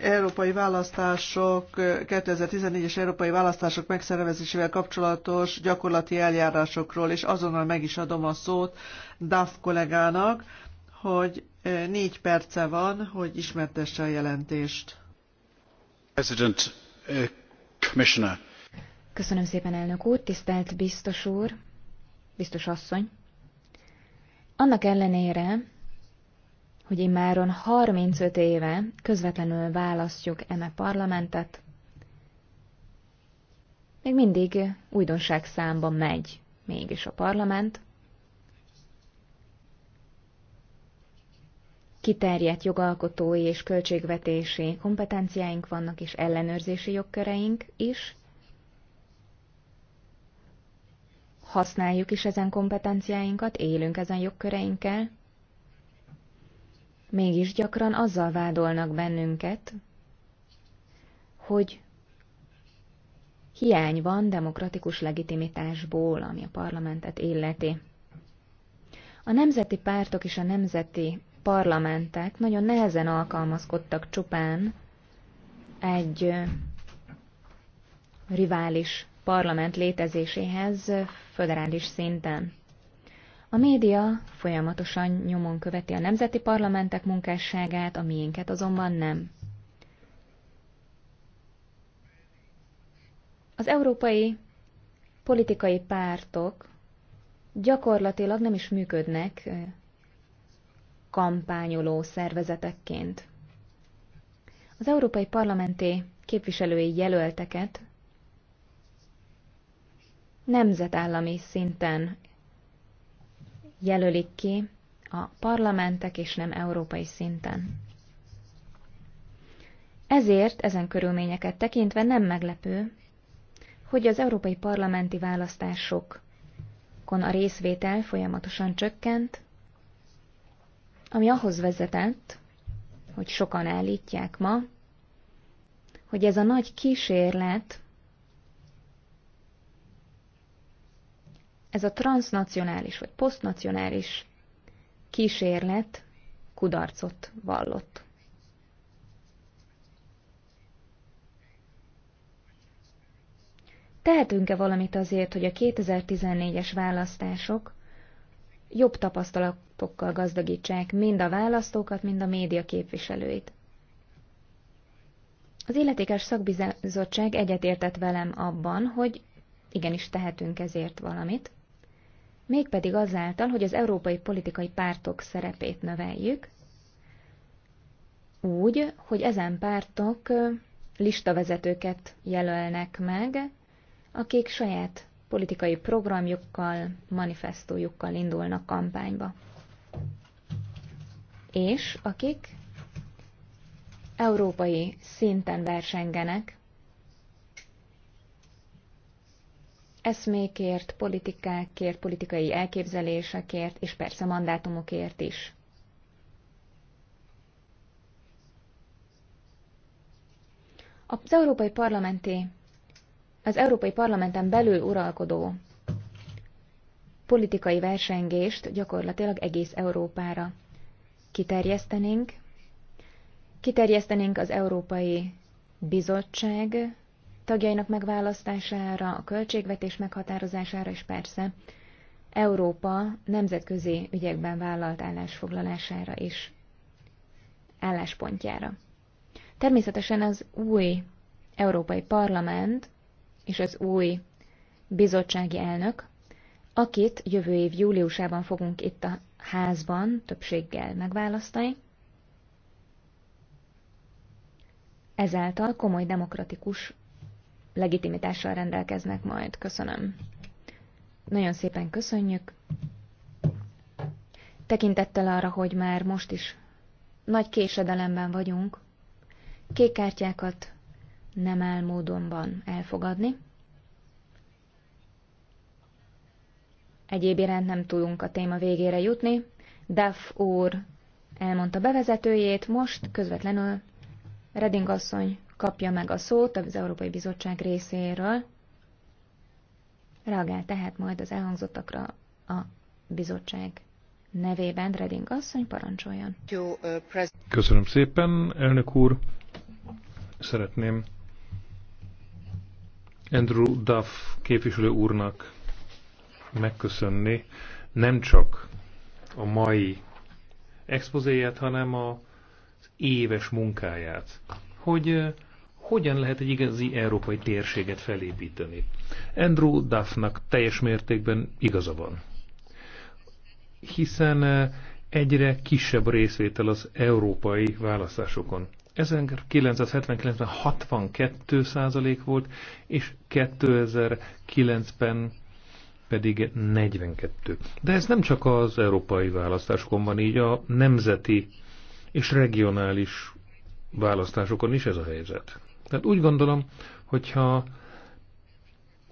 európai választások, 2014-es európai választások megszervezésével kapcsolatos gyakorlati eljárásokról, és azonnal meg is adom a szót DAF kollégának, hogy négy perce van, hogy ismertesse a jelentést. President, Commissioner. Köszönöm szépen, elnök úr, tisztelt biztos úr, biztos asszony. Annak ellenére, hogy immáron 35 éve közvetlenül választjuk eme parlamentet, még mindig újdonság számban megy mégis a parlament. Kiterjedt jogalkotói és költségvetési kompetenciáink vannak, és ellenőrzési jogköreink is. Használjuk is ezen kompetenciáinkat, élünk ezen jogköreinkkel, Mégis gyakran azzal vádolnak bennünket, hogy hiány van demokratikus legitimitásból, ami a parlamentet illeti. A nemzeti pártok és a nemzeti parlamentek nagyon nehezen alkalmazkodtak csupán egy rivális parlament létezéséhez föderális szinten. A média folyamatosan nyomon követi a nemzeti parlamentek munkásságát, a miénket azonban nem. Az európai politikai pártok gyakorlatilag nem is működnek kampányoló szervezetekként. Az európai parlamenti képviselői jelölteket nemzetállami szinten jelölik ki a parlamentek és nem európai szinten. Ezért ezen körülményeket tekintve nem meglepő, hogy az európai parlamenti választásokon a részvétel folyamatosan csökkent, ami ahhoz vezetett, hogy sokan állítják ma, hogy ez a nagy kísérlet Ez a transnacionális vagy posztnacionális kísérlet kudarcot vallott. Tehetünk-e valamit azért, hogy a 2014-es választások jobb tapasztalatokkal gazdagítsák mind a választókat, mind a média képviselőit? Az illetékes szakbizottság egyetértett velem abban, hogy igenis tehetünk ezért valamit, mégpedig azáltal, hogy az európai politikai pártok szerepét növeljük, úgy, hogy ezen pártok listavezetőket jelölnek meg, akik saját politikai programjukkal, manifestójukkal indulnak kampányba. És akik európai szinten versengenek eszmékért, politikákért, politikai elképzelésekért, és persze mandátumokért is. Az Európai Parlamenti, az Európai Parlamenten belül uralkodó politikai versengést gyakorlatilag egész Európára kiterjesztenénk. Kiterjesztenénk az Európai Bizottság tagjainak megválasztására, a költségvetés meghatározására, és persze Európa nemzetközi ügyekben vállalt állásfoglalására és álláspontjára. Természetesen az új Európai Parlament és az új bizottsági elnök, akit jövő év júliusában fogunk itt a házban többséggel megválasztani, ezáltal komoly demokratikus legitimitással rendelkeznek majd. Köszönöm. Nagyon szépen köszönjük. Tekintettel arra, hogy már most is nagy késedelemben vagyunk, kék kártyákat nem áll módonban elfogadni. Egyéb iránt nem tudunk a téma végére jutni. Def úr elmondta bevezetőjét, most közvetlenül Reding asszony kapja meg a szót az Európai Bizottság részéről. Reagál tehát majd az elhangzottakra a bizottság nevében. Reding asszony parancsoljon. Köszönöm szépen, elnök úr. Szeretném Andrew Duff képviselő úrnak megköszönni nem csak a mai expozéját, hanem a éves munkáját, hogy hogyan lehet egy igazi európai térséget felépíteni. Andrew Duffnak teljes mértékben igaza van. Hiszen eh, egyre kisebb részvétel az európai választásokon. 1979-ben 62 százalék volt, és 2009-ben pedig 42. De ez nem csak az európai választásokon van így, a nemzeti és regionális választásokon is ez a helyzet. Tehát úgy gondolom, hogyha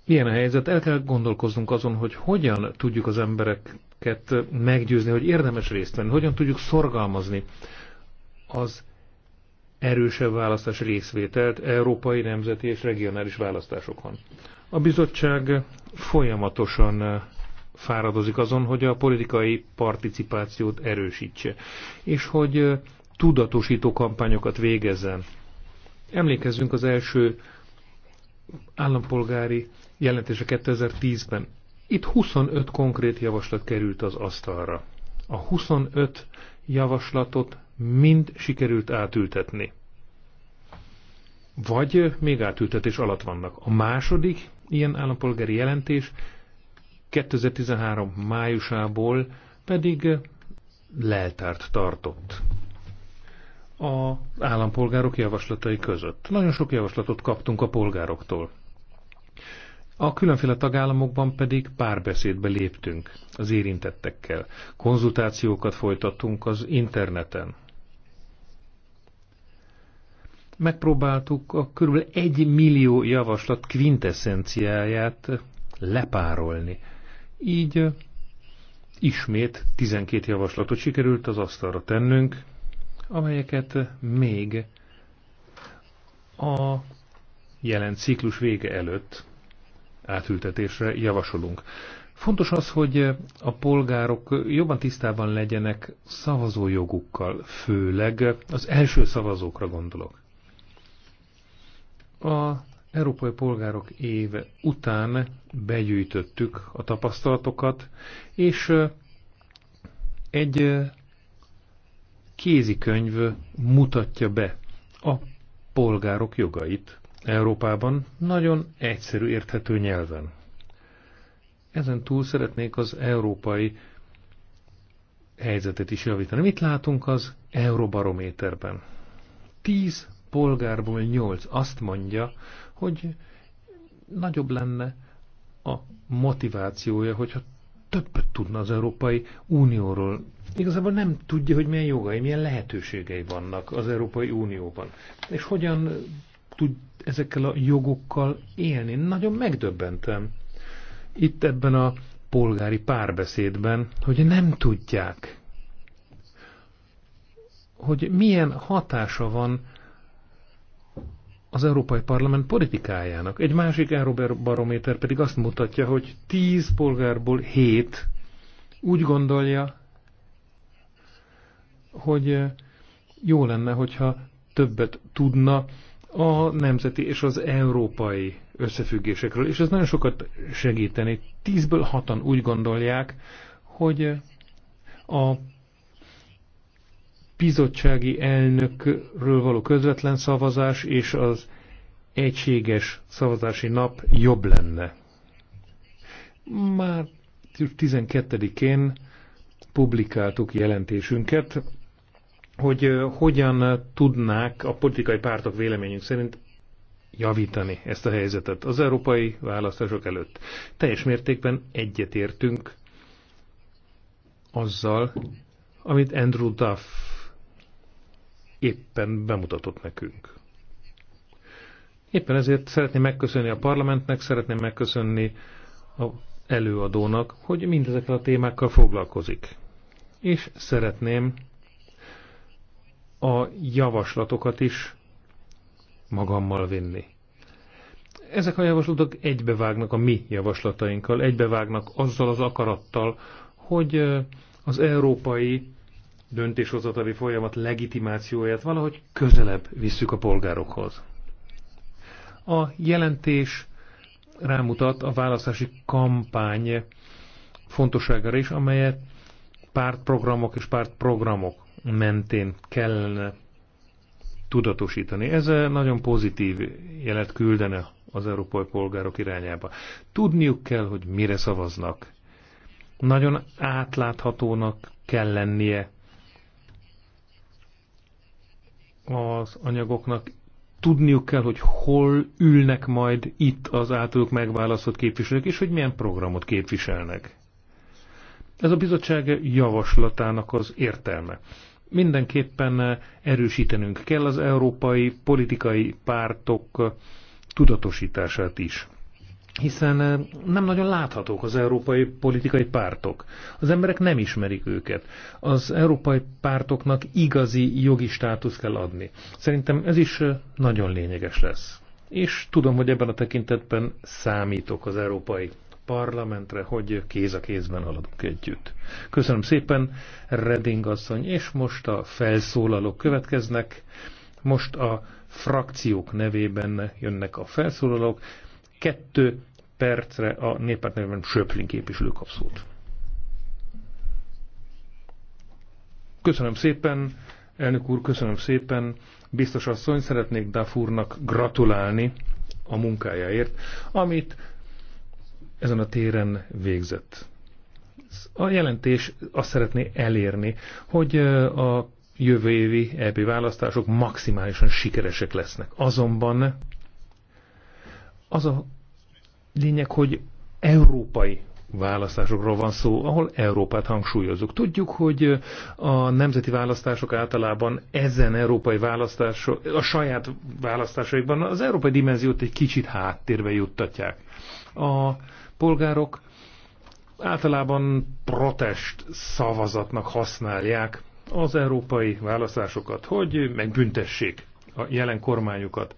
ilyen a helyzet, el kell gondolkoznunk azon, hogy hogyan tudjuk az embereket meggyőzni, hogy érdemes részt venni, hogyan tudjuk szorgalmazni az erősebb választás részvételt európai, nemzeti és regionális választásokon. A bizottság folyamatosan fáradozik azon, hogy a politikai participációt erősítse, és hogy tudatosító kampányokat végezzen Emlékezzünk az első állampolgári jelentése 2010-ben. Itt 25 konkrét javaslat került az asztalra. A 25 javaslatot mind sikerült átültetni. Vagy még átültetés alatt vannak. A második ilyen állampolgári jelentés 2013 májusából pedig leltárt tartott az állampolgárok javaslatai között. Nagyon sok javaslatot kaptunk a polgároktól. A különféle tagállamokban pedig párbeszédbe léptünk az érintettekkel. Konzultációkat folytattunk az interneten. Megpróbáltuk a körülbelül egy millió javaslat kvintessenciáját lepárolni. Így ismét 12 javaslatot sikerült az asztalra tennünk, amelyeket még a jelen ciklus vége előtt átültetésre javasolunk. Fontos az, hogy a polgárok jobban tisztában legyenek szavazójogukkal, főleg az első szavazókra gondolok. A Európai Polgárok éve után begyűjtöttük a tapasztalatokat, és egy kézikönyv mutatja be a polgárok jogait Európában nagyon egyszerű érthető nyelven. Ezen túl szeretnék az európai helyzetet is javítani. Mit látunk az Euróbarométerben? Tíz polgárból nyolc azt mondja, hogy nagyobb lenne a motivációja, hogyha többet tudna az Európai Unióról igazából nem tudja, hogy milyen jogai, milyen lehetőségei vannak az Európai Unióban, és hogyan tud ezekkel a jogokkal élni. Nagyon megdöbbentem itt ebben a polgári párbeszédben, hogy nem tudják, hogy milyen hatása van az Európai Parlament politikájának. Egy másik barométer pedig azt mutatja, hogy 10 polgárból 7 úgy gondolja, hogy eh, jó lenne, hogyha többet tudna a nemzeti és az európai összefüggésekről, és ez nagyon sokat segíteni. Tízből hatan úgy gondolják, hogy eh, a bizottsági elnökről való közvetlen szavazás és az egységes szavazási nap jobb lenne. Már 12-én publikáltuk jelentésünket hogy hogyan tudnák a politikai pártok véleményünk szerint javítani ezt a helyzetet az európai választások előtt. Teljes mértékben egyetértünk azzal, amit Andrew Duff éppen bemutatott nekünk. Éppen ezért szeretném megköszönni a parlamentnek, szeretném megköszönni a előadónak, hogy mindezekkel a témákkal foglalkozik. És szeretném a javaslatokat is magammal vinni. Ezek a javaslatok egybevágnak a mi javaslatainkkal, egybevágnak azzal az akarattal, hogy az európai döntéshozatali folyamat legitimációját valahogy közelebb visszük a polgárokhoz. A jelentés rámutat a választási kampány fontosságára is, amelyet pártprogramok és pártprogramok mentén kellene tudatosítani. Ez nagyon pozitív jelet küldene az európai polgárok irányába. Tudniuk kell, hogy mire szavaznak. Nagyon átláthatónak kell lennie az anyagoknak. Tudniuk kell, hogy hol ülnek majd itt az általuk megválasztott képviselők, és hogy milyen programot képviselnek. Ez a bizottság javaslatának az értelme. Mindenképpen erősítenünk kell az európai politikai pártok tudatosítását is hiszen nem nagyon láthatók az európai politikai pártok. Az emberek nem ismerik őket. Az európai pártoknak igazi jogi státusz kell adni. Szerintem ez is nagyon lényeges lesz. És tudom, hogy ebben a tekintetben számítok az európai parlamentre, hogy kéz a kézben haladunk együtt. Köszönöm szépen, Reding asszony, és most a felszólalók következnek. Most a frakciók nevében jönnek a felszólalók. Kettő percre a néppárt nevében Söplin képviselő kap szót. Köszönöm szépen, elnök úr, köszönöm szépen. Biztos asszony, szeretnék Dafurnak gratulálni a munkájáért, amit ezen a téren végzett. A jelentés azt szeretné elérni, hogy a jövő évi EP választások maximálisan sikeresek lesznek. Azonban az a lényeg, hogy európai választásokról van szó, ahol Európát hangsúlyozunk. Tudjuk, hogy a nemzeti választások általában ezen európai választások, a saját választásaikban az európai dimenziót egy kicsit háttérbe juttatják. A polgárok általában protest szavazatnak használják az európai választásokat, hogy megbüntessék a jelen kormányukat.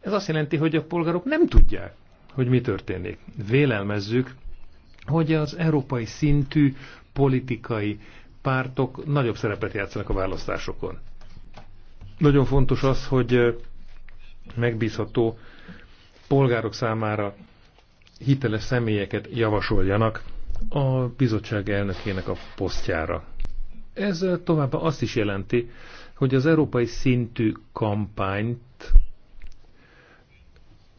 Ez azt jelenti, hogy a polgárok nem tudják, hogy mi történik. Vélelmezzük, hogy az európai szintű politikai pártok nagyobb szerepet játszanak a választásokon. Nagyon fontos az, hogy megbízható polgárok számára hiteles személyeket javasoljanak a bizottság elnökének a posztjára. Ez továbbá azt is jelenti, hogy az európai szintű kampányt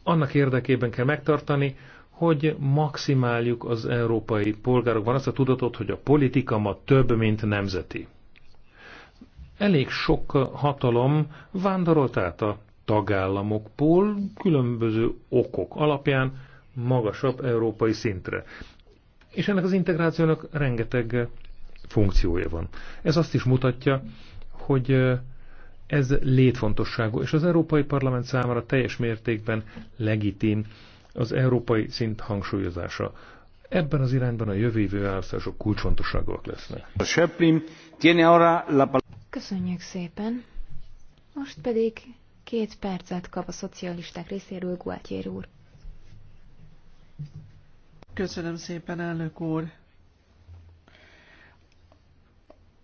annak érdekében kell megtartani, hogy maximáljuk az európai polgárokban azt a tudatot, hogy a politika ma több, mint nemzeti. Elég sok hatalom vándorolt át a tagállamokból különböző okok alapján magasabb európai szintre. És ennek az integrációnak rengeteg funkciója van. Ez azt is mutatja, hogy ez létfontosságú, és az Európai Parlament számára teljes mértékben legitim az európai szint hangsúlyozása. Ebben az irányban a jövő évő választások kulcsfontosságúak lesznek. Köszönjük szépen! Most pedig két percet kap a szocialisták részéről Gualtier úr. Köszönöm szépen, elnök úr.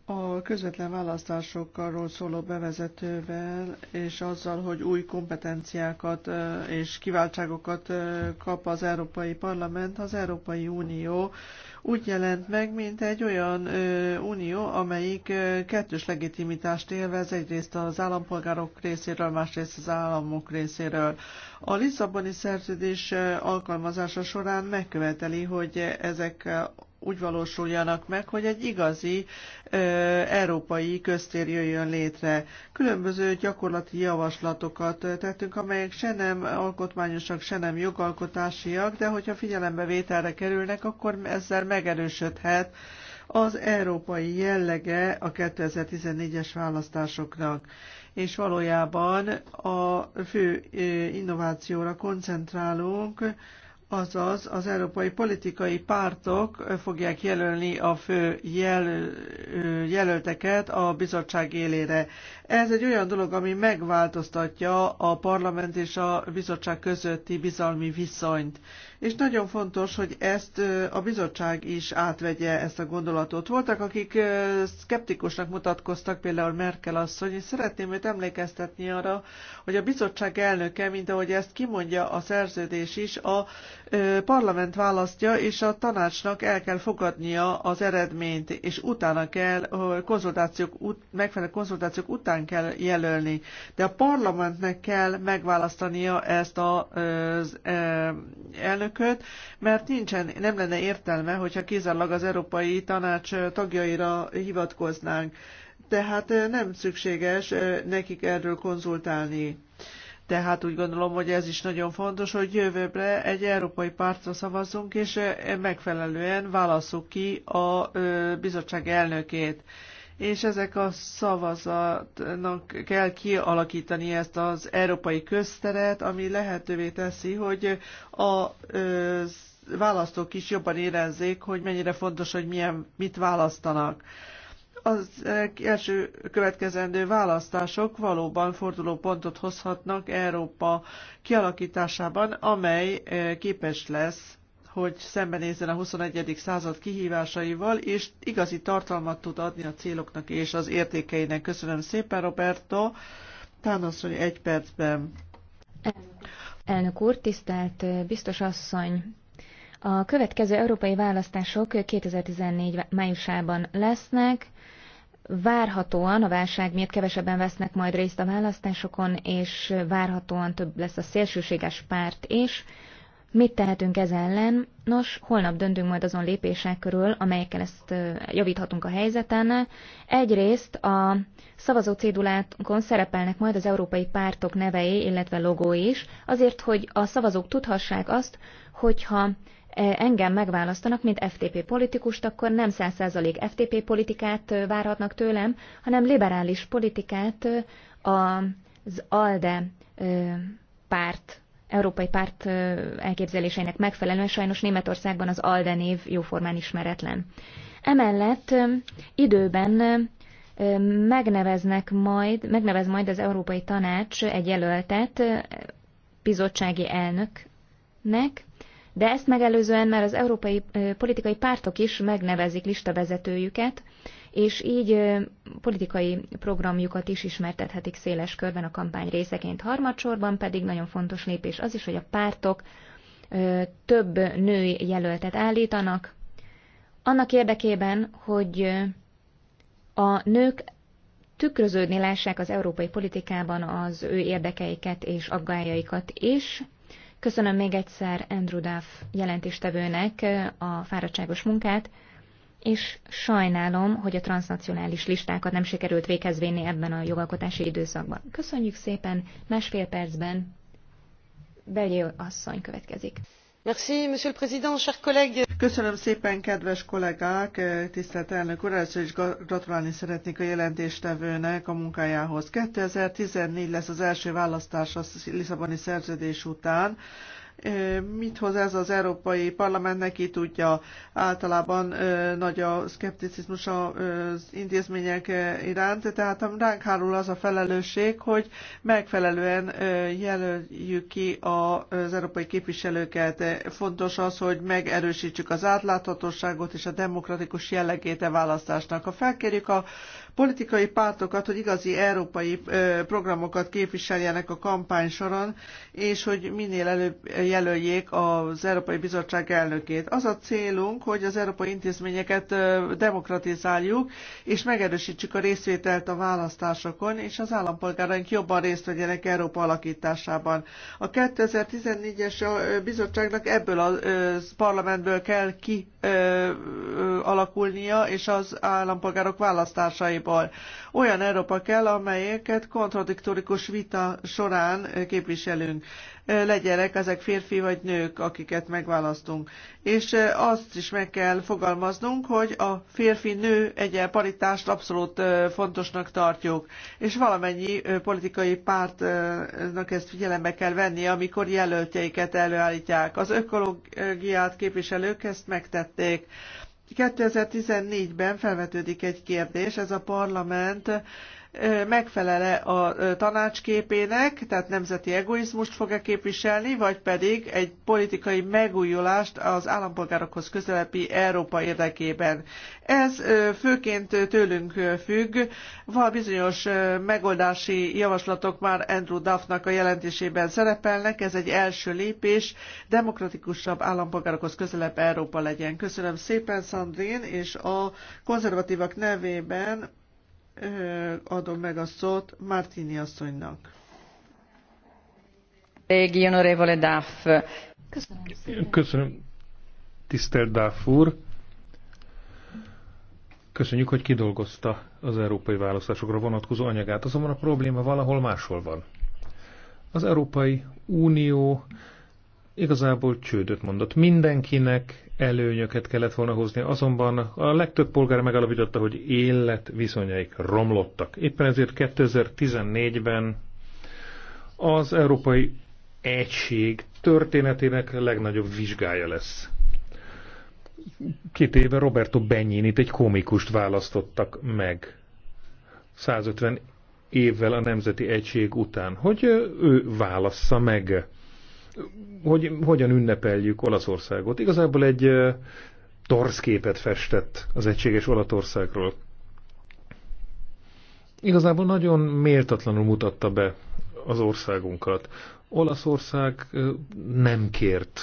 A közvetlen választásokról szóló bevezetővel és azzal, hogy új kompetenciákat és kiváltságokat kap az Európai Parlament, az Európai Unió úgy jelent meg, mint egy olyan ö, unió, amelyik ö, kettős legitimitást élvez, egyrészt az állampolgárok részéről, másrészt az államok részéről. A Lisszaboni szerződés alkalmazása során megköveteli, hogy ezek úgy valósuljanak meg, hogy egy igazi ö, európai köztér jöjjön létre. Különböző gyakorlati javaslatokat tettünk, amelyek se nem alkotmányosak, se nem jogalkotásiak, de hogyha figyelembe vételre kerülnek, akkor ezzel meg megerősödhet az európai jellege a 2014-es választásoknak, és valójában a fő innovációra koncentrálunk, azaz az európai politikai pártok fogják jelölni a fő jel, jelölteket a bizottság élére. Ez egy olyan dolog, ami megváltoztatja a parlament és a bizottság közötti bizalmi viszonyt. És nagyon fontos, hogy ezt a bizottság is átvegye ezt a gondolatot. Voltak, akik szkeptikusnak mutatkoztak, például Merkel asszony, és szeretném őt emlékeztetni arra, hogy a bizottság elnöke, mint ahogy ezt kimondja a szerződés is, a parlament választja, és a tanácsnak el kell fogadnia az eredményt, és utána kell, konzultációk, megfelelő konzultációk után kell jelölni. De a parlamentnek kell megválasztania ezt az elnököt, mert nincsen, nem lenne értelme, hogyha kizárólag az Európai Tanács tagjaira hivatkoznánk. Tehát nem szükséges nekik erről konzultálni. Tehát úgy gondolom, hogy ez is nagyon fontos, hogy jövőbre egy európai pártra szavazzunk, és megfelelően válasszuk ki a bizottság elnökét. És ezek a szavazatnak kell kialakítani ezt az európai közteret, ami lehetővé teszi, hogy a választók is jobban érezzék, hogy mennyire fontos, hogy milyen, mit választanak az eh, első következendő választások valóban fordulópontot hozhatnak Európa kialakításában, amely eh, képes lesz hogy szembenézzen a 21. század kihívásaival, és igazi tartalmat tud adni a céloknak és az értékeinek. Köszönöm szépen, Roberto. Tánoszony egy percben. Elnök úr, tisztelt eh, biztos asszony, a következő európai választások 2014 májusában lesznek. Várhatóan a válság miatt kevesebben vesznek majd részt a választásokon, és várhatóan több lesz a szélsőséges párt is. Mit tehetünk ez ellen? Nos, holnap döntünk majd azon lépések körül, amelyekkel ezt javíthatunk a helyzeten. Egyrészt a szavazó cédulákon szerepelnek majd az európai pártok nevei, illetve logói is, azért, hogy a szavazók tudhassák azt, hogyha E, engem megválasztanak, mint FTP politikust, akkor nem 100% FTP politikát várhatnak tőlem, hanem liberális politikát az ALDE párt, európai párt elképzeléseinek megfelelően sajnos Németországban az ALDE név jóformán ismeretlen. Emellett időben megneveznek majd, megnevez majd az Európai Tanács egy jelöltet bizottsági elnöknek, de ezt megelőzően már az európai politikai pártok is megnevezik listavezetőjüket, és így politikai programjukat is ismertethetik széles körben a kampány részeként. Harmadsorban pedig nagyon fontos lépés az is, hogy a pártok több női jelöltet állítanak, annak érdekében, hogy a nők tükröződni lássák az európai politikában az ő érdekeiket és aggájaikat is, Köszönöm még egyszer Andrew Duff jelentéstevőnek a fáradtságos munkát, és sajnálom, hogy a transnacionális listákat nem sikerült végezvénni ebben a jogalkotási időszakban. Köszönjük szépen, másfél percben Begyő asszony következik monsieur le président chers collègues köszönöm szépen kedves kollégák tisztelt elnök úr először is gratulálni szeretnék a jelentéstevőnek a munkájához. two thousand and fourteen lesz az első választás a lisszaboni szerződés után Mit hoz ez az Európai Parlamentnek, ki tudja, általában nagy a szkepticizmus az intézmények iránt, tehát ránk hárul az a felelősség, hogy megfelelően jelöljük ki az európai képviselőket. Fontos az, hogy megerősítsük az átláthatóságot és a demokratikus jellegét a e választásnak. Ha felkérjük a politikai pártokat, hogy igazi európai programokat képviseljenek a kampány soron, és hogy minél előbb jelöljék az Európai Bizottság elnökét. Az a célunk, hogy az európai intézményeket demokratizáljuk, és megerősítsük a részvételt a választásokon, és az állampolgáraink jobban részt vegyenek Európa alakításában. A 2014-es bizottságnak ebből a parlamentből kell kialakulnia, és az állampolgárok választásai. Európából. Olyan Európa kell, amelyeket kontradiktorikus vita során eh, képviselünk. Eh, legyenek ezek férfi vagy nők, akiket megválasztunk. És eh, azt is meg kell fogalmaznunk, hogy a férfi-nő egyen paritást abszolút fontosnak tartjuk. És valamennyi politikai pártnak ezt figyelembe kell venni, amikor jelöltjeiket előállítják. Az ökológiát képviselők ezt megtették. 2014-ben felvetődik egy kérdés, ez a parlament megfelele a tanácsképének, tehát nemzeti egoizmust fog-e képviselni, vagy pedig egy politikai megújulást az állampolgárokhoz közelebbi Európa érdekében. Ez főként tőlünk függ. Van bizonyos megoldási javaslatok már Andrew Duffnak a jelentésében szerepelnek. Ez egy első lépés, demokratikusabb állampolgárokhoz közelebb Európa legyen. Köszönöm szépen, Sandrine, és a konzervatívak nevében adom meg a szót Martini asszonynak. Köszönöm, Köszönöm. Tisztelt Duff úr. Köszönjük, hogy kidolgozta az európai választásokra vonatkozó anyagát, azonban a probléma valahol máshol van. Az Európai Unió igazából csődöt mondott. Mindenkinek előnyöket kellett volna hozni, azonban a legtöbb polgár megalapította, hogy életviszonyaik romlottak. Éppen ezért 2014-ben az Európai Egység történetének legnagyobb vizsgája lesz. Két éve Roberto Benyinit, egy komikust választottak meg. 150 évvel a Nemzeti Egység után, hogy ő válassza meg hogy hogyan ünnepeljük Olaszországot. Igazából egy képet festett az egységes Olaszországról. Igazából nagyon méltatlanul mutatta be az országunkat. Olaszország nem kért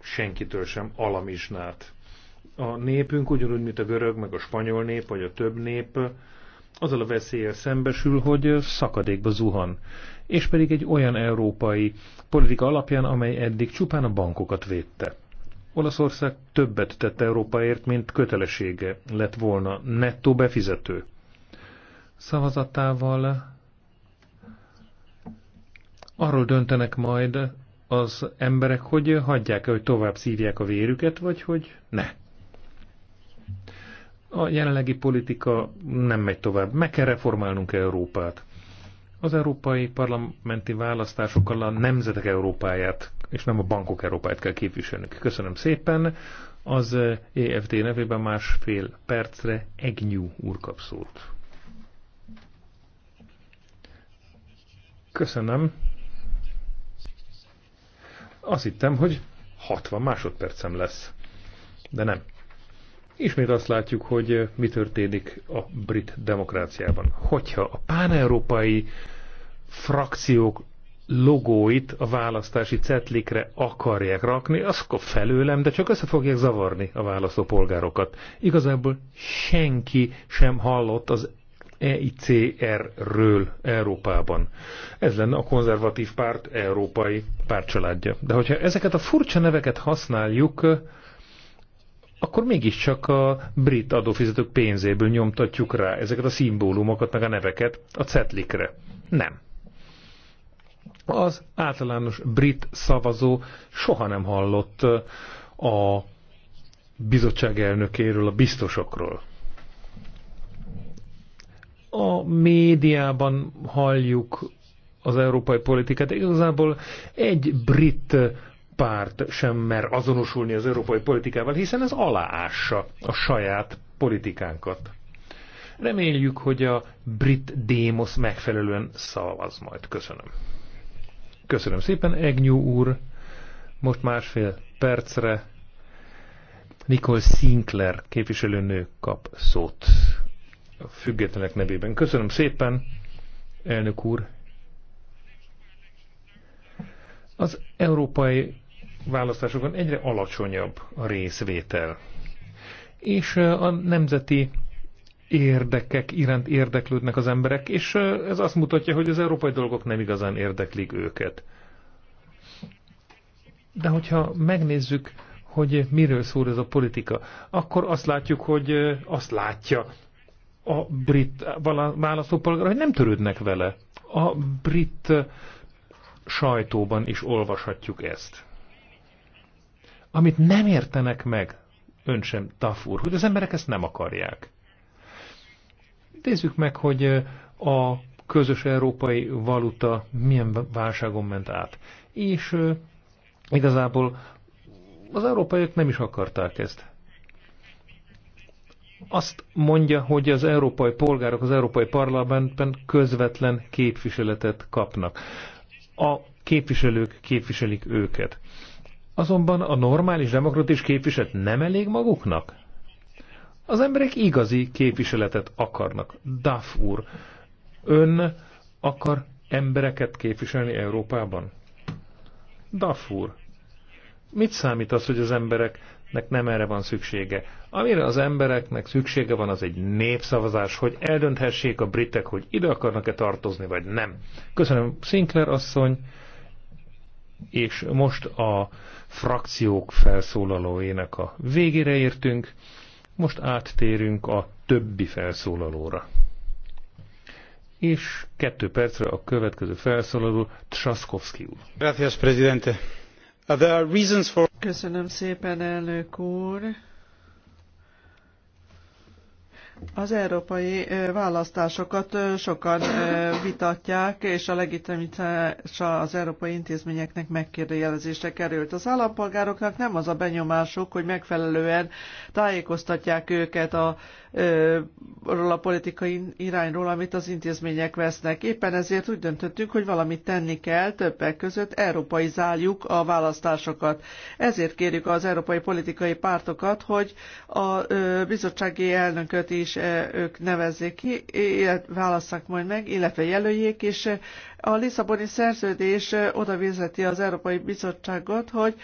senkitől sem alamisnát. A népünk ugyanúgy, mint a görög, meg a spanyol nép, vagy a több nép, azzal a veszéllyel szembesül, hogy szakadékba zuhan. És pedig egy olyan európai politika alapján, amely eddig csupán a bankokat védte. Olaszország többet tett Európaért, mint kötelessége lett volna nettó befizető. Szavazatával arról döntenek majd az emberek, hogy hagyják-e, hogy tovább szívják a vérüket, vagy hogy ne a jelenlegi politika nem megy tovább. Meg kell reformálnunk Európát. Az európai parlamenti választásokkal a nemzetek Európáját, és nem a bankok Európáját kell képviselnünk. Köszönöm szépen. Az EFD nevében másfél percre Egnyú úr kap szót. Köszönöm. Azt hittem, hogy 60 másodpercem lesz. De nem. Ismét azt látjuk, hogy eh, mi történik a brit demokráciában. Hogyha a páneurópai frakciók logóit a választási cetlikre akarják rakni, az akkor felőlem, de csak össze fogják zavarni a választó polgárokat. Igazából senki sem hallott az EICR-ről Európában. Ez lenne a konzervatív párt európai pártcsaládja. De hogyha ezeket a furcsa neveket használjuk, eh, akkor mégiscsak a brit adófizetők pénzéből nyomtatjuk rá ezeket a szimbólumokat, meg a neveket a cetlikre. Nem. Az általános brit szavazó soha nem hallott uh, a bizottság elnökéről, a biztosokról. A médiában halljuk az európai politikát, de igazából egy brit párt sem mer azonosulni az európai politikával, hiszen ez aláássa a saját politikánkat. Reméljük, hogy a brit démosz megfelelően szavaz majd. Köszönöm. Köszönöm szépen, Egnyú úr. Most másfél percre Nicole Sinclair képviselőnő kap szót a függetlenek nevében. Köszönöm szépen, elnök úr. Az európai választásokon egyre alacsonyabb a részvétel. És a nemzeti érdekek iránt érdeklődnek az emberek, és ez azt mutatja, hogy az európai dolgok nem igazán érdeklik őket. De hogyha megnézzük, hogy miről szól ez a politika, akkor azt látjuk, hogy azt látja a brit választópolgár, hogy nem törődnek vele. A brit sajtóban is olvashatjuk ezt amit nem értenek meg, ön sem, Tafur, hogy az emberek ezt nem akarják. Nézzük meg, hogy a közös európai valuta milyen válságon ment át. És igazából az európaiak nem is akarták ezt. Azt mondja, hogy az európai polgárok az európai parlamentben közvetlen képviseletet kapnak. A képviselők képviselik őket. Azonban a normális demokratis képviselet nem elég maguknak? Az emberek igazi képviseletet akarnak. Duff úr, ön akar embereket képviselni Európában? Duff úr, mit számít az, hogy az embereknek nem erre van szüksége? Amire az embereknek szüksége van, az egy népszavazás, hogy eldönthessék a britek, hogy ide akarnak-e tartozni, vagy nem. Köszönöm, Sinclair asszony, és most a frakciók felszólalóének a végére értünk, most áttérünk a többi felszólalóra. És kettő percre a következő felszólaló Trzaskowski úr. Gracias, presidente. There reasons for... Köszönöm szépen, elnök úr. Az európai választásokat sokan vitatják, és a legitimitása az európai intézményeknek megkérdőjelezésre került. Az állampolgároknak nem az a benyomásuk, hogy megfelelően tájékoztatják őket a arról a politikai irányról, amit az intézmények vesznek. Éppen ezért úgy döntöttünk, hogy valamit tenni kell, többek között európai záljuk a választásokat. Ezért kérjük az európai politikai pártokat, hogy a bizottsági elnököt is ők nevezzék ki, válasszák majd meg, illetve jelöljék, és a Lisszaboni szerződés oda vezeti az Európai Bizottságot, hogy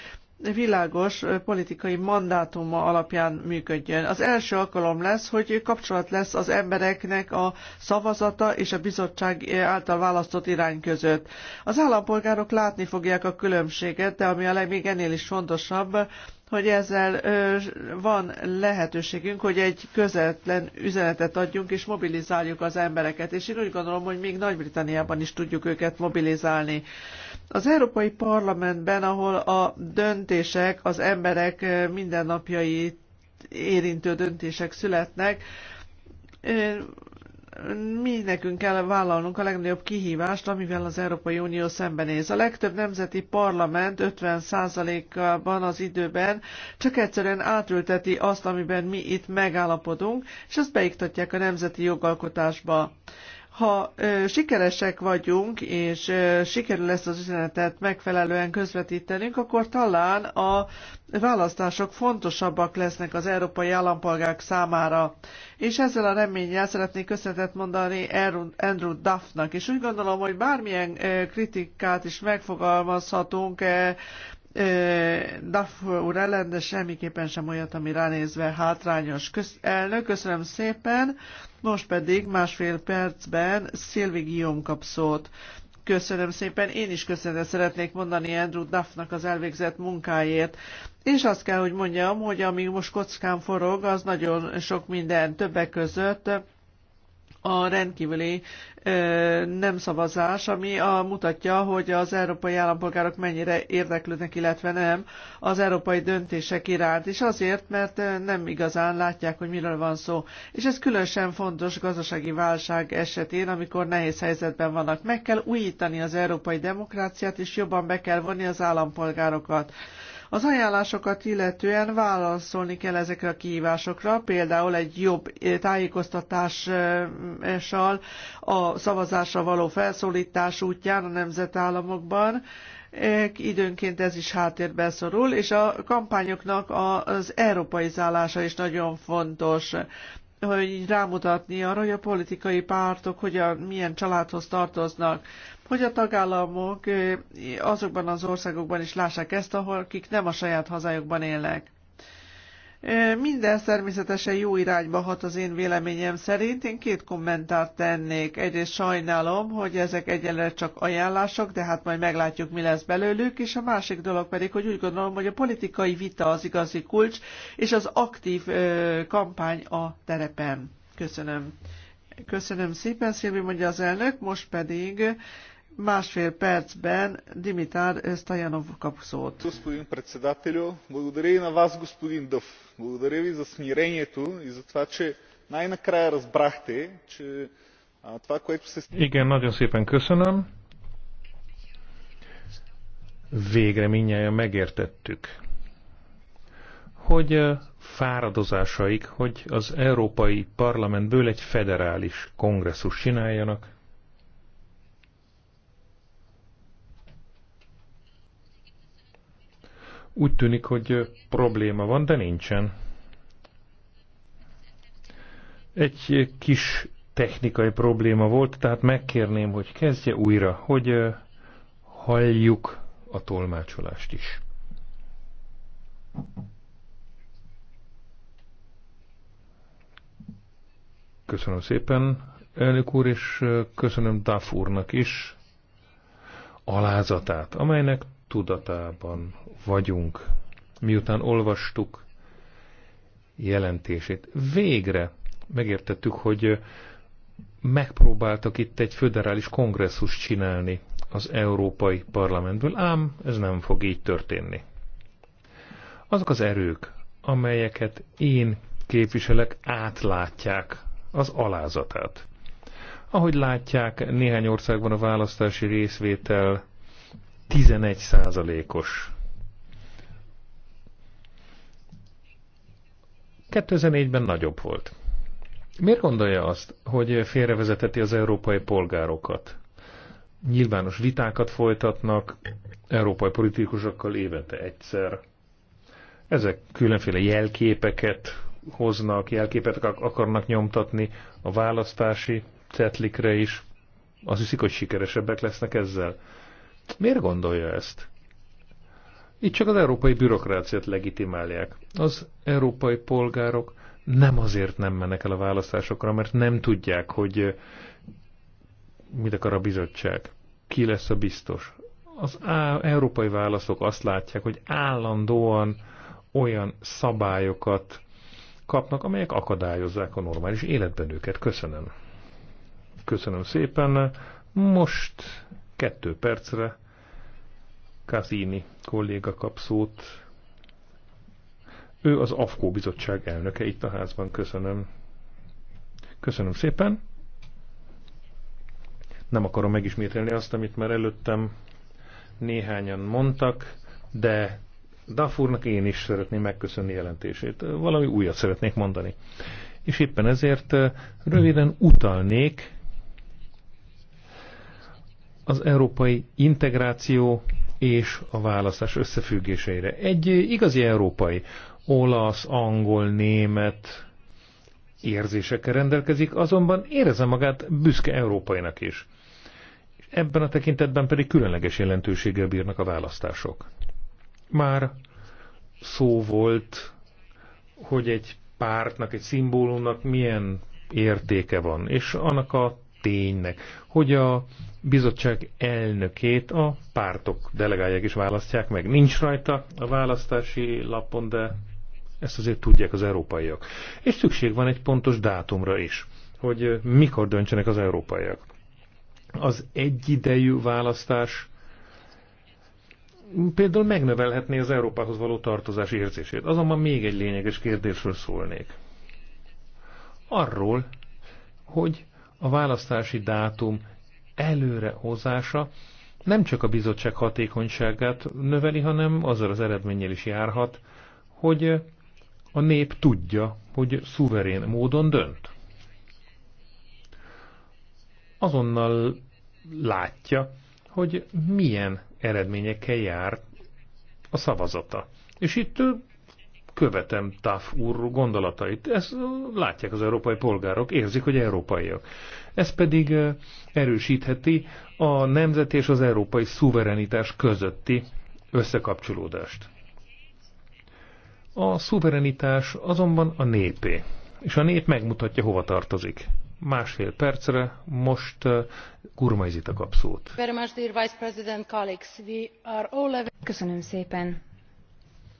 világos politikai mandátuma alapján működjön. Az első alkalom lesz, hogy kapcsolat lesz az embereknek a szavazata és a bizottság által választott irány között. Az állampolgárok látni fogják a különbséget, de ami a még ennél is fontosabb, hogy ezzel van lehetőségünk, hogy egy közvetlen üzenetet adjunk, és mobilizáljuk az embereket. És én úgy gondolom, hogy még Nagy-Britanniában is tudjuk őket mobilizálni. Az Európai Parlamentben, ahol a döntések, az emberek mindennapjait érintő döntések születnek, mi nekünk kell vállalnunk a legnagyobb kihívást, amivel az Európai Unió szembenéz. A legtöbb nemzeti parlament 50%-ban az időben csak egyszerűen átülteti azt, amiben mi itt megállapodunk, és ezt beiktatják a nemzeti jogalkotásba. Ha ö, sikeresek vagyunk, és ö, sikerül ezt az üzenetet megfelelően közvetítenünk, akkor talán a választások fontosabbak lesznek az európai állampolgárok számára. És ezzel a reménnyel szeretnék köszönetet mondani Andrew Duffnak, és úgy gondolom, hogy bármilyen ö, kritikát is megfogalmazhatunk, e, Duff úr ellen, de semmiképpen sem olyat, ami ránézve hátrányos. Köszönöm, elnök, köszönöm szépen. Most pedig másfél percben Szilvi Guillaume kap szót. Köszönöm szépen. Én is köszönetet szeretnék mondani Andrew Duffnak az elvégzett munkáért. És azt kell, hogy mondjam, hogy amíg most kockán forog, az nagyon sok minden többek között a rendkívüli ö, nem szavazás, ami a, mutatja, hogy az európai állampolgárok mennyire érdeklődnek, illetve nem az európai döntések iránt, és azért, mert nem igazán látják, hogy miről van szó. És ez különösen fontos gazdasági válság esetén, amikor nehéz helyzetben vannak. Meg kell újítani az európai demokráciát, és jobban be kell vonni az állampolgárokat. Az ajánlásokat illetően válaszolni kell ezekre a kihívásokra, például egy jobb eh, tájékoztatással eh, a szavazásra való felszólítás útján a nemzetállamokban, eh, időnként ez is háttérbe szorul, és a kampányoknak az európai zállása is nagyon fontos hogy rámutatni arra, hogy a politikai pártok hogyan, milyen családhoz tartoznak hogy a tagállamok azokban az országokban is lássák ezt, ahol akik nem a saját hazájukban élnek. Minden természetesen jó irányba hat az én véleményem szerint. Én két kommentárt tennék. Egyrészt sajnálom, hogy ezek egyenlőre csak ajánlások, de hát majd meglátjuk, mi lesz belőlük. És a másik dolog pedig, hogy úgy gondolom, hogy a politikai vita az igazi kulcs, és az aktív ö, kampány a terepen. Köszönöm. Köszönöm szépen, Szilvi mondja az elnök, most pedig másfél percben Dimitar Stajanov kap szót. Господин председателю, благодаря и на вас, господин Дъв. Благодаря ви за смирението и за това, че най-накрая разбрахте, че това, което се... Igen, nagyon szépen köszönöm. Végre minnyáján megértettük, hogy eh, fáradozásaik, hogy az Európai Parlamentből egy federális kongresszus csináljanak, Úgy tűnik, hogy probléma van, de nincsen. Egy kis technikai probléma volt, tehát megkérném, hogy kezdje újra, hogy halljuk a tolmácsolást is. Köszönöm szépen, elnök úr, és köszönöm Duff úrnak is alázatát, amelynek tudatában vagyunk, miután olvastuk jelentését. Végre megértettük, hogy megpróbáltak itt egy föderális kongresszus csinálni az Európai Parlamentből, ám ez nem fog így történni. Azok az erők, amelyeket én képviselek, átlátják az alázatát. Ahogy látják, néhány országban a választási részvétel 11 százalékos. 2004-ben nagyobb volt. Miért gondolja azt, hogy félrevezeteti az európai polgárokat? Nyilvános vitákat folytatnak európai politikusokkal évente egyszer. Ezek különféle jelképeket hoznak, jelképet akarnak nyomtatni a választási cetlikre is. Azt hiszik, hogy sikeresebbek lesznek ezzel. Miért gondolja ezt? Itt csak az európai bürokráciát legitimálják. Az európai polgárok nem azért nem mennek el a választásokra, mert nem tudják, hogy eh, mit akar a bizottság, ki lesz a biztos. Az európai válaszok azt látják, hogy állandóan olyan szabályokat kapnak, amelyek akadályozzák a normális életben őket. Köszönöm. Köszönöm szépen. Most Kettő percre Kazini kolléga kap szót. Ő az AFKO bizottság elnöke itt a házban. Köszönöm. Köszönöm szépen. Nem akarom megismételni azt, amit már előttem néhányan mondtak, de Dafurnak én is szeretném megköszönni jelentését. Valami újat szeretnék mondani. És éppen ezért eh, röviden utalnék az európai integráció és a választás összefüggéseire. Egy igazi európai, olasz, angol, német érzésekkel rendelkezik, azonban érezze magát büszke európainak is. Ebben a tekintetben pedig különleges jelentőséggel bírnak a választások. Már szó volt, hogy egy pártnak, egy szimbólumnak milyen értéke van, és annak a ténynek, hogy a bizottság elnökét a pártok delegálják és választják meg. Nincs rajta a választási lapon, de ezt azért tudják az európaiak. És szükség van egy pontos dátumra is, hogy mikor döntsenek az európaiak. Az egyidejű választás például megnövelhetné az Európához való tartozás érzését. Azonban még egy lényeges kérdésről szólnék. Arról, hogy a választási dátum előrehozása nem csak a bizottság hatékonyságát növeli, hanem azzal az eredménnyel is járhat, hogy a nép tudja, hogy szuverén módon dönt. Azonnal látja, hogy milyen eredményekkel jár a szavazata. És itt követem TAF úr gondolatait. Ezt látják az európai polgárok, érzik, hogy európaiak. Ez pedig erősítheti a nemzeti és az európai szuverenitás közötti összekapcsolódást. A szuverenitás azonban a népé, és a nép megmutatja, hova tartozik. Másfél percre most Gurmai Zita kap szót. Köszönöm szépen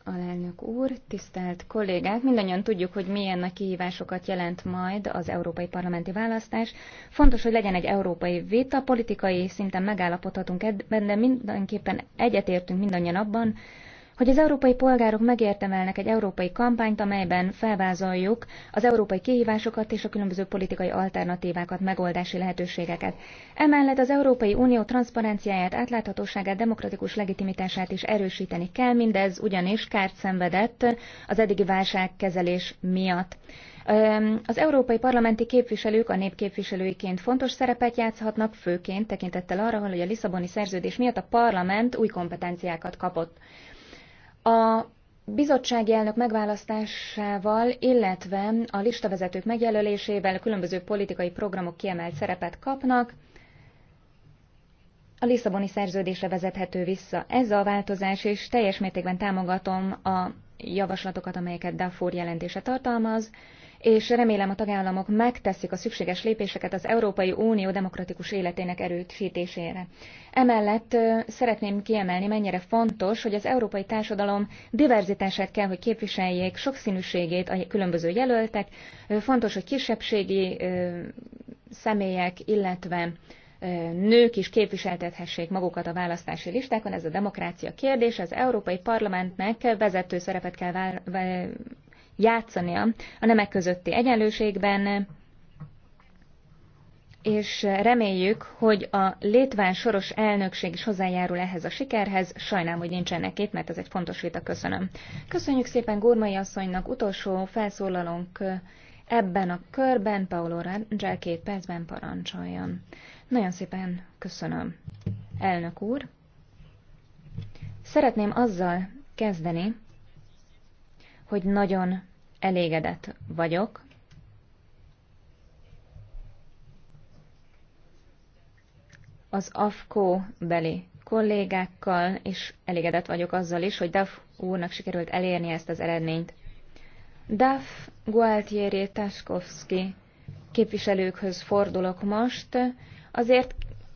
alelnök úr, tisztelt kollégák! Mindannyian tudjuk, hogy milyen nagy kihívásokat jelent majd az európai parlamenti választás. Fontos, hogy legyen egy európai vita, politikai szinten megállapodhatunk ebben, de mindenképpen egyetértünk mindannyian abban, hogy az európai polgárok megértemelnek egy európai kampányt, amelyben felvázoljuk az európai kihívásokat és a különböző politikai alternatívákat, megoldási lehetőségeket. Emellett az Európai Unió transzparenciáját, átláthatóságát, demokratikus legitimitását is erősíteni kell, mindez ugyanis kárt szenvedett az eddigi válságkezelés miatt. Az európai parlamenti képviselők a népképviselőiként fontos szerepet játszhatnak, főként tekintettel arra, hogy a Lisszaboni szerződés miatt a parlament új kompetenciákat kapott. A bizottsági elnök megválasztásával, illetve a listavezetők megjelölésével különböző politikai programok kiemelt szerepet kapnak, a Lisszaboni szerződésre vezethető vissza. Ez a változás, és teljes mértékben támogatom a javaslatokat, amelyeket Dafur jelentése tartalmaz, és remélem a tagállamok megteszik a szükséges lépéseket az Európai Unió demokratikus életének erősítésére. Emellett szeretném kiemelni, mennyire fontos, hogy az európai társadalom diverzitását kell, hogy képviseljék, sokszínűségét a különböző jelöltek, fontos, hogy kisebbségi személyek, illetve nők is képviseltethessék magukat a választási listákon. Ez a demokrácia kérdés. Az Európai Parlamentnek vezető szerepet kell játszania a nemek közötti egyenlőségben, és reméljük, hogy a létván soros elnökség is hozzájárul ehhez a sikerhez. Sajnálom, hogy nincsenek itt, mert ez egy fontos vita. Köszönöm. Köszönjük szépen Gurmai asszonynak. Utolsó felszólalónk ebben a körben, Paolo Rangel két percben parancsoljon. Nagyon szépen köszönöm, elnök úr. Szeretném azzal kezdeni, hogy nagyon elégedett vagyok. Az AFKO beli kollégákkal, és elégedett vagyok azzal is, hogy Duff úrnak sikerült elérni ezt az eredményt. Duff, Gualtieri, Taskovski képviselőkhöz fordulok most. Azért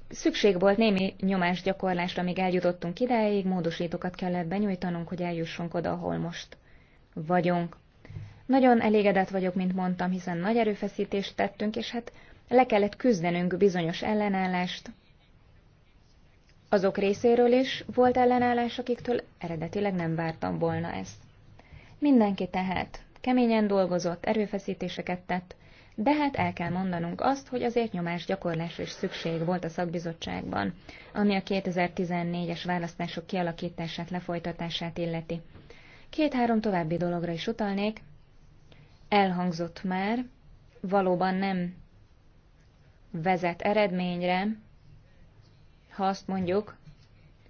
szükség volt némi nyomásgyakorlásra, amíg eljutottunk ideig, módosítókat kellett benyújtanunk, hogy eljussunk oda, ahol most vagyunk. Nagyon elégedett vagyok, mint mondtam, hiszen nagy erőfeszítést tettünk, és hát le kellett küzdenünk bizonyos ellenállást. Azok részéről is volt ellenállás, akiktől eredetileg nem vártam volna ezt. Mindenki tehát keményen dolgozott, erőfeszítéseket tett, de hát el kell mondanunk azt, hogy azért nyomás gyakorlás is szükség volt a szakbizottságban, ami a 2014-es választások kialakítását, lefolytatását illeti. Két-három további dologra is utalnék. Elhangzott már, valóban nem vezet eredményre, ha azt mondjuk,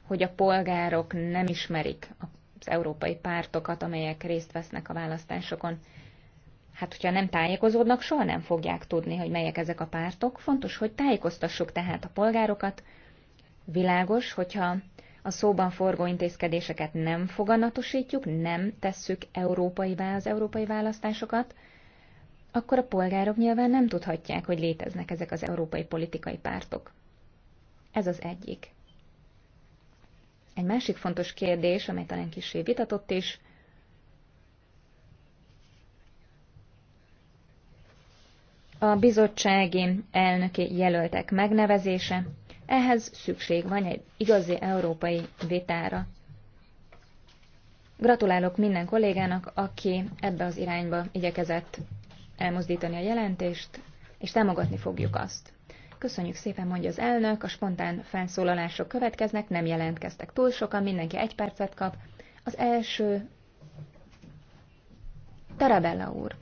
hogy a polgárok nem ismerik az európai pártokat, amelyek részt vesznek a választásokon. Hát, hogyha nem tájékozódnak, soha nem fogják tudni, hogy melyek ezek a pártok. Fontos, hogy tájékoztassuk tehát a polgárokat. Világos, hogyha a szóban forgó intézkedéseket nem foganatosítjuk, nem tesszük európaivá az európai választásokat, akkor a polgárok nyilván nem tudhatják, hogy léteznek ezek az európai politikai pártok. Ez az egyik. Egy másik fontos kérdés, amely talán kicsi vitatott is, a bizottsági elnöki jelöltek megnevezése, ehhez szükség van egy igazi európai vitára. Gratulálok minden kollégának, aki ebbe az irányba igyekezett elmozdítani a jelentést, és támogatni fogjuk azt. Köszönjük szépen, mondja az elnök, a spontán felszólalások következnek, nem jelentkeztek túl sokan, mindenki egy percet kap. Az első Tarabella úr.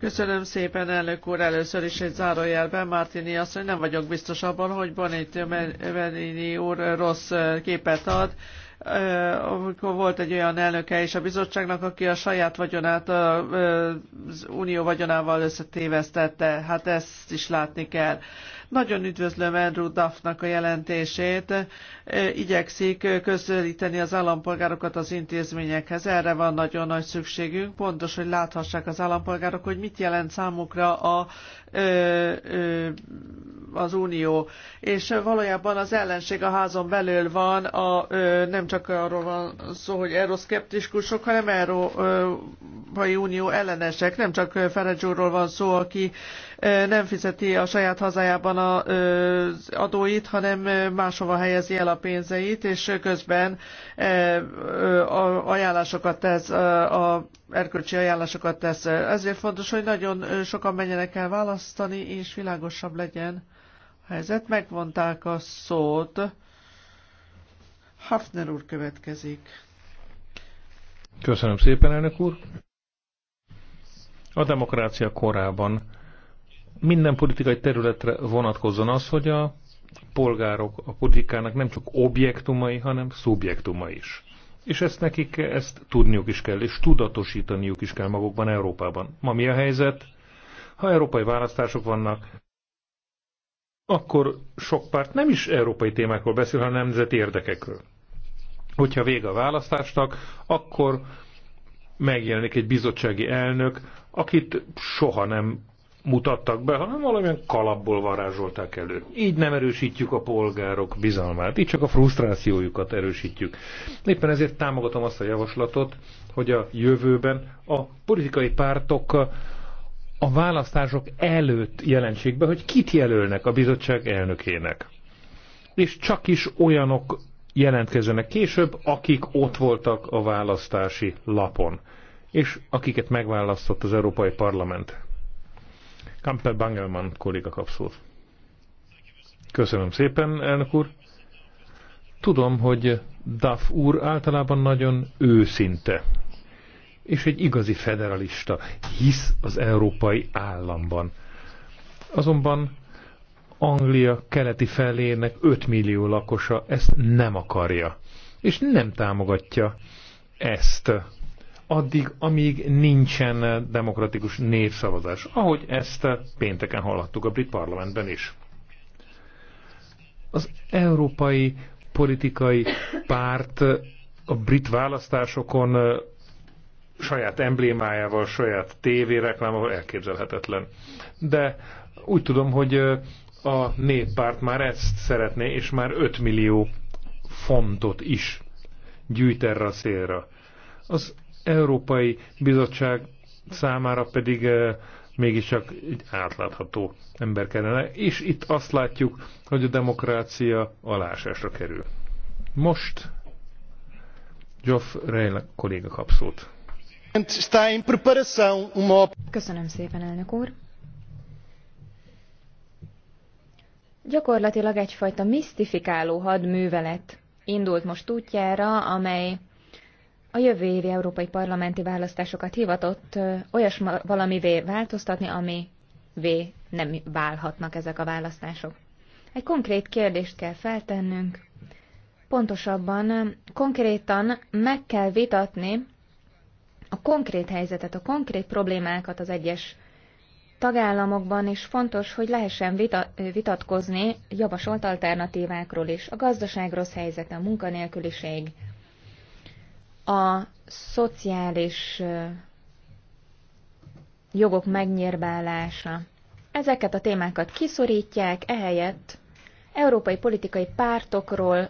Köszönöm szépen, elnök úr! Először is egy zárójelben, Martini asszony, nem vagyok biztos abban, hogy Bonitő Benini úr rossz képet ad amikor volt egy olyan elnöke is a bizottságnak, aki a saját vagyonát az unió vagyonával összetévesztette. Hát ezt is látni kell. Nagyon üdvözlöm Andrew Duffnak a jelentését. Igyekszik közelíteni az állampolgárokat az intézményekhez. Erre van nagyon nagy szükségünk. Pontos, hogy láthassák az állampolgárok, hogy mit jelent számukra a, az unió. És valójában az ellenség a házon belül van, a, nem csak arról van szó, hogy euroszkeptikusok, hanem Európai Unió ellenesek. Nem csak Feredzsúrról van szó, aki nem fizeti a saját hazájában az adóit, hanem máshova helyezi el a pénzeit, és közben ajánlásokat tesz, a erkölcsi ajánlásokat tesz. Ezért fontos, hogy nagyon sokan menjenek el választani, és világosabb legyen a helyzet. Megvonták a szót. Hafner úr következik. Köszönöm szépen, elnök úr. A demokrácia korában minden politikai területre vonatkozzon az, hogy a polgárok a politikának nem csak objektumai, hanem szubjektuma is. És ezt nekik ezt tudniuk is kell, és tudatosítaniuk is kell magukban Európában. Ma mi a helyzet? Ha európai választások vannak, akkor sok párt nem is európai témákról beszél, hanem nemzeti érdekekről hogyha vége a választásnak, akkor megjelenik egy bizottsági elnök, akit soha nem mutattak be, hanem valamilyen kalapból varázsolták elő. Így nem erősítjük a polgárok bizalmát, így csak a frusztrációjukat erősítjük. Éppen ezért támogatom azt a javaslatot, hogy a jövőben a politikai pártok a választások előtt jelentsék be, hogy kit jelölnek a bizottság elnökének. És csak is olyanok jelentkezzenek később, akik ott voltak a választási lapon, és akiket megválasztott az Európai Parlament. Kamper Bangelman kolléga kapszót. Köszönöm szépen, elnök úr. Tudom, hogy Duff úr általában nagyon őszinte, és egy igazi federalista, hisz az európai államban. Azonban Anglia keleti felének 5 millió lakosa ezt nem akarja, és nem támogatja ezt addig, amíg nincsen demokratikus népszavazás, ahogy ezt pénteken hallhattuk a brit parlamentben is. Az európai politikai párt a brit választásokon saját emblémájával, saját tévéreklámával elképzelhetetlen. De úgy tudom, hogy a néppárt már ezt szeretné, és már 5 millió fontot is gyűjt erre a szélre. Az Európai Bizottság számára pedig eh, mégiscsak egy átlátható ember kellene, és itt azt látjuk, hogy a demokrácia alásásra kerül. Most Geoff Reil kolléga kap szót. Köszönöm szépen, elnök úr! Gyakorlatilag egyfajta misztifikáló hadművelet indult most útjára, amely a jövő évi európai parlamenti választásokat hivatott olyas valamivé változtatni, ami vé nem válhatnak ezek a választások. Egy konkrét kérdést kell feltennünk, pontosabban, konkrétan meg kell vitatni a konkrét helyzetet, a konkrét problémákat az egyes tagállamokban is fontos, hogy lehessen vita, vitatkozni javasolt alternatívákról is. A gazdaság rossz helyzete, a munkanélküliség, a szociális jogok megnyírbálása. Ezeket a témákat kiszorítják, ehelyett európai politikai pártokról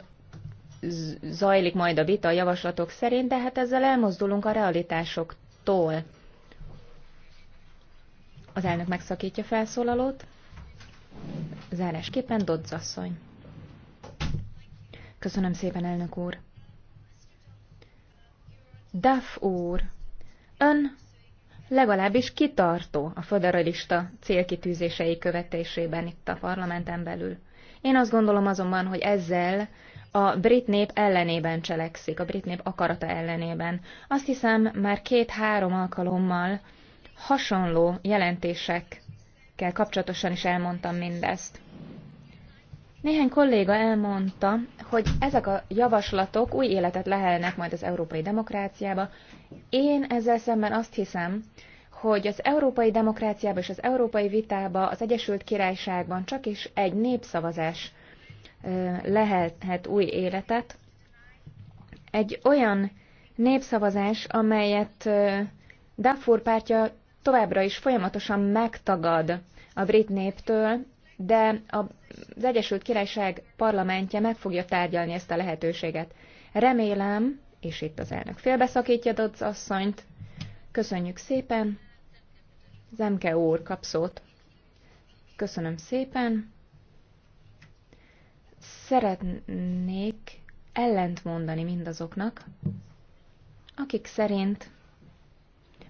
zajlik majd a vita a javaslatok szerint, de hát ezzel elmozdulunk a realitásoktól. Az elnök megszakítja felszólalót. Zárásképpen asszony. Köszönöm szépen, elnök úr. Duff úr, ön legalábbis kitartó a föderalista célkitűzései követésében itt a parlamenten belül. Én azt gondolom azonban, hogy ezzel a brit nép ellenében cselekszik, a brit nép akarata ellenében. Azt hiszem, már két-három alkalommal hasonló jelentésekkel kapcsolatosan is elmondtam mindezt. Néhány kolléga elmondta, hogy ezek a javaslatok új életet lehelnek majd az európai demokráciába. Én ezzel szemben azt hiszem, hogy az európai demokráciába és az európai vitába az Egyesült Királyságban csak is egy népszavazás lehet új életet. Egy olyan népszavazás, amelyet Duffur pártja továbbra is folyamatosan megtagad a brit néptől, de az Egyesült Királyság parlamentje meg fogja tárgyalni ezt a lehetőséget. Remélem, és itt az elnök félbeszakítja az asszonyt, köszönjük szépen, Zemke úr kap szót. Köszönöm szépen. Szeretnék ellent mondani mindazoknak, akik szerint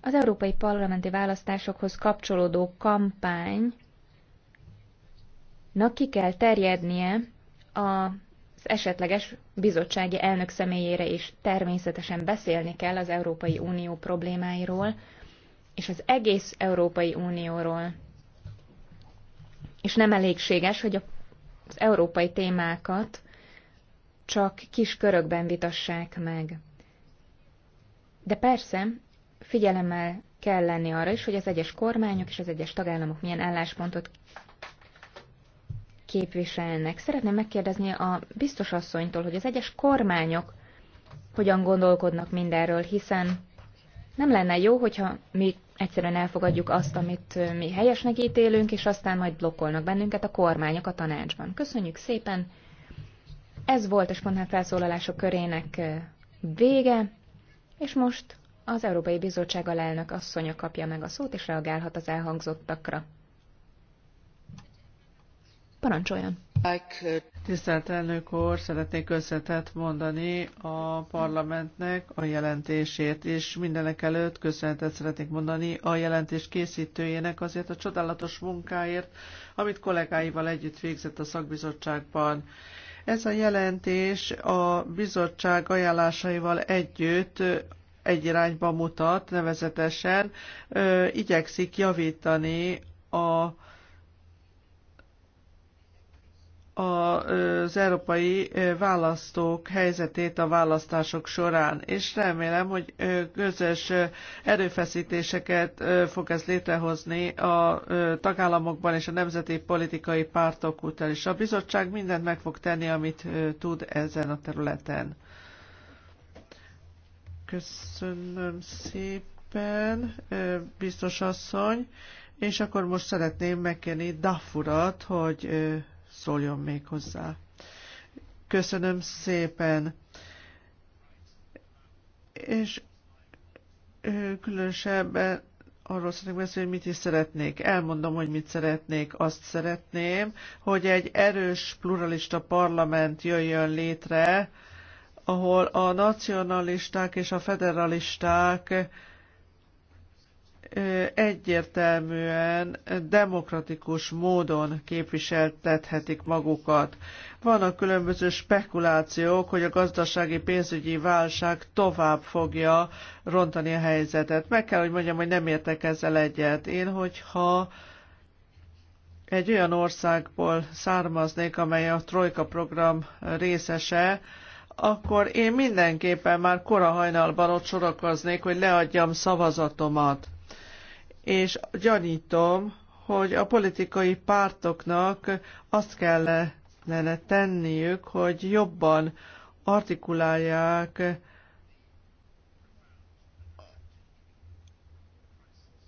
az európai parlamenti választásokhoz kapcsolódó kampánynak ki kell terjednie az esetleges bizottsági elnök személyére is. Természetesen beszélni kell az Európai Unió problémáiról, és az egész Európai Unióról. És nem elégséges, hogy az európai témákat csak kis körökben vitassák meg. De persze, figyelemmel kell lenni arra is, hogy az egyes kormányok és az egyes tagállamok milyen álláspontot képviselnek. Szeretném megkérdezni a biztos asszonytól, hogy az egyes kormányok hogyan gondolkodnak mindenről, hiszen nem lenne jó, hogyha mi egyszerűen elfogadjuk azt, amit mi helyesnek ítélünk, és aztán majd blokkolnak bennünket a kormányok a tanácsban. Köszönjük szépen! Ez volt a spontán felszólalások körének vége, és most az Európai Bizottság alelnök asszonya kapja meg a szót, és reagálhat az elhangzottakra. Parancsoljon! Tisztelt elnök úr, szeretnék összetett mondani a parlamentnek a jelentését, és mindenek előtt köszönetet szeretnék mondani a jelentés készítőjének azért a csodálatos munkáért, amit kollégáival együtt végzett a szakbizottságban. Ez a jelentés a bizottság ajánlásaival együtt egy irányba mutat, nevezetesen ö, igyekszik javítani a az európai választók helyzetét a választások során, és remélem, hogy közös erőfeszítéseket fog ez létrehozni a tagállamokban és a nemzeti politikai pártok után is. A bizottság mindent meg fog tenni, amit tud ezen a területen. Köszönöm szépen, biztos asszony. És akkor most szeretném megkérni Daffurat, hogy szóljon még hozzá. Köszönöm szépen. És különösebben arról szeretnék beszélni, hogy mit is szeretnék. Elmondom, hogy mit szeretnék. Azt szeretném, hogy egy erős pluralista parlament jöjjön létre, ahol a nacionalisták és a federalisták egyértelműen demokratikus módon képviseltethetik magukat. Vannak különböző spekulációk, hogy a gazdasági pénzügyi válság tovább fogja rontani a helyzetet. Meg kell, hogy mondjam, hogy nem értek ezzel egyet. Én, hogyha egy olyan országból származnék, amely a Trojka program részese, akkor én mindenképpen már kora hajnalban ott sorakoznék, hogy leadjam szavazatomat. És gyanítom, hogy a politikai pártoknak azt kellene tenniük, hogy jobban artikulálják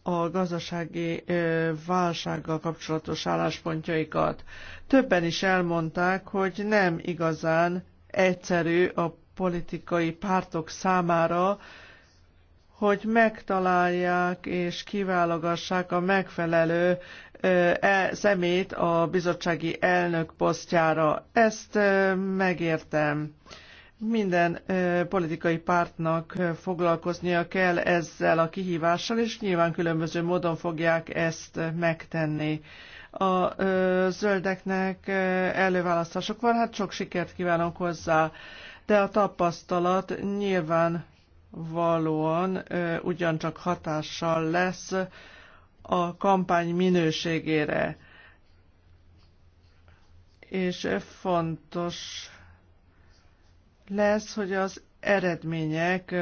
a gazdasági válsággal kapcsolatos álláspontjaikat. Többen is elmondták, hogy nem igazán egyszerű a politikai pártok számára, hogy megtalálják és kiválogassák a megfelelő e, szemét a bizottsági elnök posztjára. Ezt megértem. Minden politikai pártnak foglalkoznia kell ezzel a kihívással, és nyilván különböző módon fogják ezt megtenni a zöldeknek előválasztások van, hát sok sikert kívánok hozzá. De a tapasztalat nyilván valóan ugyancsak hatással lesz a kampány minőségére. És fontos lesz, hogy az eredmények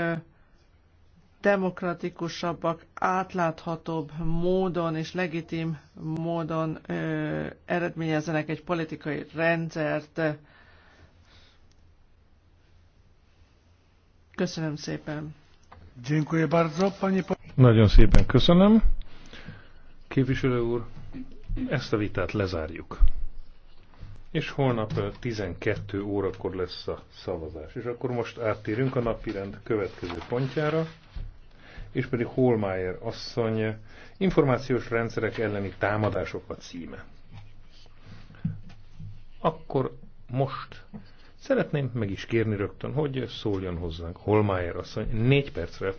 demokratikusabbak, átláthatóbb módon és legitim módon ö, eredményezzenek egy politikai rendszert. Köszönöm szépen. Nagyon szépen köszönöm. Képviselő úr, ezt a vitát lezárjuk. És holnap 12 órakor lesz a szavazás. És akkor most áttérünk a napirend következő pontjára és pedig Holmeier asszony információs rendszerek elleni támadásokat címe. Akkor most szeretném meg is kérni rögtön, hogy szóljon hozzánk Holmeier asszony négy percre.